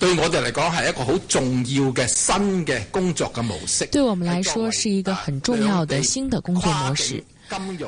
對我哋嚟講係一個好重要嘅新嘅工作嘅模式。對我們來說是一個很重要的新的工作模式。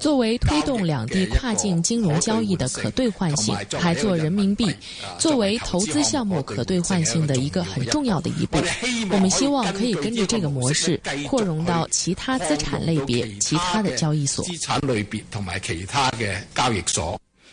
作為推動兩地跨境金融交易的可兌換性，還做人民幣作為投資項目可兌換性嘅一個很重要嘅一步。我們希望可以跟着這個模式擴容到其他資產類別、其他的交易所。資產類別同埋其他嘅交易所。